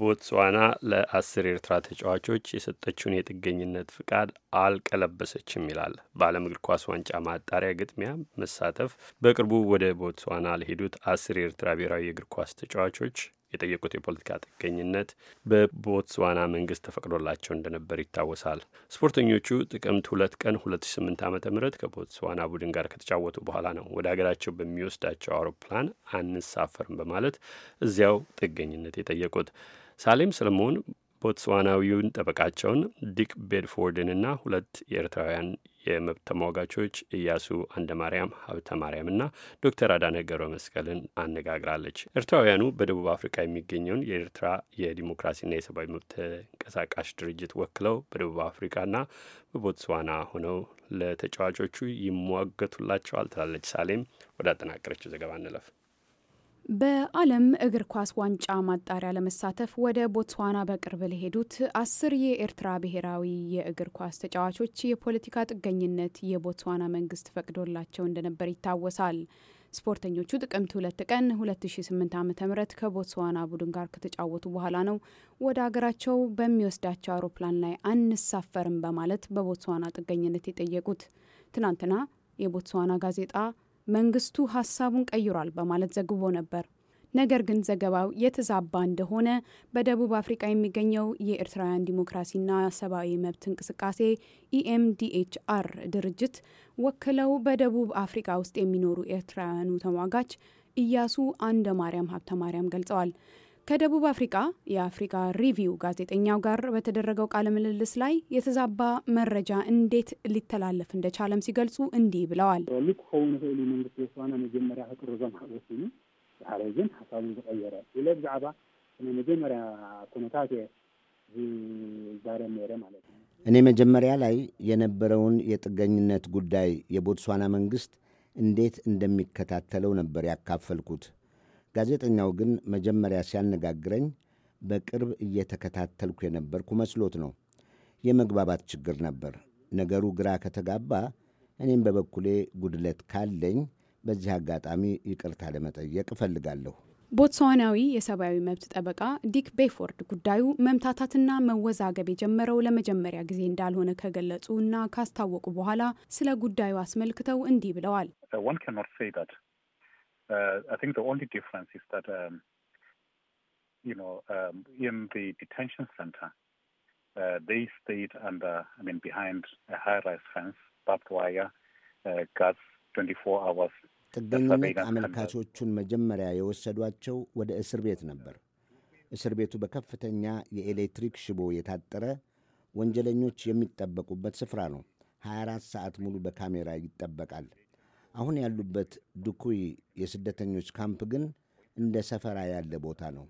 ቦትስዋና ለአስር ኤርትራ ተጫዋቾች የሰጠችውን የጥገኝነት ፍቃድ አልቀለበሰችም ይላል። በዓለም እግር ኳስ ዋንጫ ማጣሪያ ግጥሚያ መሳተፍ በቅርቡ ወደ ቦትስዋና ለሄዱት አስር ኤርትራ ብሔራዊ የእግር ኳስ ተጫዋቾች የጠየቁት የፖለቲካ ጥገኝነት በቦትስዋና መንግስት ተፈቅዶላቸው እንደነበር ይታወሳል። ስፖርተኞቹ ጥቅምት ሁለት ቀን 2008 ዓ ም ከቦትስዋና ቡድን ጋር ከተጫወቱ በኋላ ነው ወደ ሀገራቸው በሚወስዳቸው አውሮፕላን አንሳፈርም በማለት እዚያው ጥገኝነት የጠየቁት። ሳሌም ሰለሞን ቦትስዋናዊውን ጠበቃቸውን ዲክ ቤድፎርድንና ሁለት የኤርትራውያን የመብት ተሟጋቾች እያሱ አንደ ማርያም ሀብተ ማርያምና ዶክተር አዳነ ገብረ መስቀልን አነጋግራለች። ኤርትራውያኑ በደቡብ አፍሪካ የሚገኘውን የኤርትራ የዲሞክራሲና የሰብአዊ መብት ተንቀሳቃሽ ድርጅት ወክለው በደቡብ አፍሪካና በቦትስዋና ሆነው ለተጫዋቾቹ ይሟገቱላቸዋል ትላለች ሳሌም። ወደ አጠናቀረችው ዘገባ እንለፍ። በዓለም እግር ኳስ ዋንጫ ማጣሪያ ለመሳተፍ ወደ ቦትስዋና በቅርብ ለሄዱት አስር የኤርትራ ብሔራዊ የእግር ኳስ ተጫዋቾች የፖለቲካ ጥገኝነት የቦትስዋና መንግስት ፈቅዶላቸው እንደነበር ይታወሳል። ስፖርተኞቹ ጥቅምት ሁለት ቀን 2008 ዓ ም ከቦትስዋና ቡድን ጋር ከተጫወቱ በኋላ ነው ወደ አገራቸው በሚወስዳቸው አውሮፕላን ላይ አንሳፈርም በማለት በቦትስዋና ጥገኝነት የጠየቁት። ትናንትና የቦትስዋና ጋዜጣ መንግስቱ ሀሳቡን ቀይሯል በማለት ዘግቦ ነበር። ነገር ግን ዘገባው የተዛባ እንደሆነ በደቡብ አፍሪካ የሚገኘው የኤርትራውያን ዲሞክራሲና ሰብአዊ መብት እንቅስቃሴ ኢኤምዲኤችአር e ድርጅት ወክለው በደቡብ አፍሪካ ውስጥ የሚኖሩ ኤርትራውያኑ ተሟጋች እያሱ አንደ ማርያም ሀብተ ማርያም ገልጸዋል። ከደቡብ አፍሪቃ የአፍሪካ ሪቪው ጋዜጠኛው ጋር በተደረገው ቃለ ምልልስ ላይ የተዛባ መረጃ እንዴት ሊተላለፍ እንደቻለም ሲገልጹ እንዲህ ብለዋል። ልክ ከውን ክእሉ መንግስቲ የስዋና መጀመሪያ ክጥርዞ ማሕበስ ዛሬ ግን ሀሳቡን ዝቀየረ ኢለ ብዛዕባ መጀመሪያ ኩነታት ዛሬ ነረ ማለት ነው። እኔ መጀመሪያ ላይ የነበረውን የጥገኝነት ጉዳይ የቦትስዋና መንግስት እንዴት እንደሚከታተለው ነበር ያካፈልኩት። ጋዜጠኛው ግን መጀመሪያ ሲያነጋግረኝ በቅርብ እየተከታተልኩ የነበርኩ መስሎት ነው። የመግባባት ችግር ነበር። ነገሩ ግራ ከተጋባ እኔም በበኩሌ ጉድለት ካለኝ በዚህ አጋጣሚ ይቅርታ ለመጠየቅ እፈልጋለሁ። ቦትስዋናዊ የሰብአዊ መብት ጠበቃ ዲክ ቤፎርድ ጉዳዩ መምታታትና መወዛገብ የጀመረው ለመጀመሪያ ጊዜ እንዳልሆነ ከገለጹ እና ካስታወቁ በኋላ ስለ ጉዳዩ አስመልክተው እንዲህ ብለዋል። uh, Uh, I think the only difference is that, um, you know, um, in the detention center, uh, they stayed under, I mean, behind a high-rise fence, barbed wire, uh, guards 24 hours. ጥገኝነት አመልካቾቹን መጀመሪያ የወሰዷቸው ወደ እስር ቤት ነበር። እስር ቤቱ በከፍተኛ የኤሌክትሪክ ሽቦ የታጠረ ወንጀለኞች የሚጠበቁበት ስፍራ ነው። 24 ሰዓት ሙሉ በካሜራ ይጠበቃል። አሁን ያሉበት ዱኩይ የስደተኞች ካምፕ ግን እንደ ሰፈራ ያለ ቦታ ነው።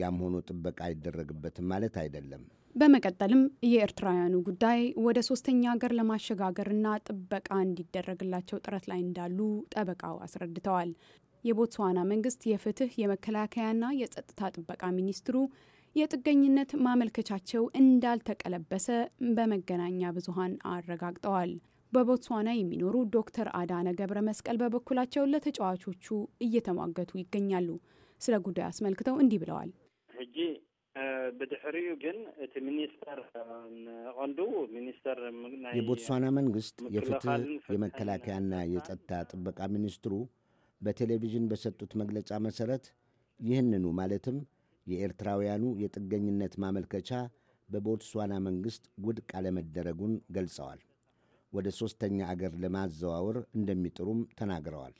ያም ሆኖ ጥበቃ አይደረግበትም ማለት አይደለም። በመቀጠልም የኤርትራውያኑ ጉዳይ ወደ ሶስተኛ ሀገር ለማሸጋገርና ጥበቃ እንዲደረግላቸው ጥረት ላይ እንዳሉ ጠበቃው አስረድተዋል። የቦትስዋና መንግስት የፍትህ የመከላከያና የጸጥታ ጥበቃ ሚኒስትሩ የጥገኝነት ማመልከቻቸው እንዳልተቀለበሰ በመገናኛ ብዙሃን አረጋግጠዋል። በቦትስዋና የሚኖሩ ዶክተር አዳነ ገብረ መስቀል በበኩላቸው ለተጫዋቾቹ እየተሟገቱ ይገኛሉ። ስለ ጉዳዩ አስመልክተው እንዲህ ብለዋል። ሕጂ ብድሕሪኡ ግን እቲ ሚኒስተር ቀንዱ ሚኒስተር የቦትስዋና መንግስት የፍትህ የመከላከያና የጸጥታ ጥበቃ ሚኒስትሩ በቴሌቪዥን በሰጡት መግለጫ መሰረት ይህንኑ ማለትም የኤርትራውያኑ የጥገኝነት ማመልከቻ በቦትስዋና መንግስት ውድቅ አለመደረጉን ገልጸዋል። ወደ ሦስተኛ አገር ለማዘዋወር እንደሚጥሩም ተናግረዋል።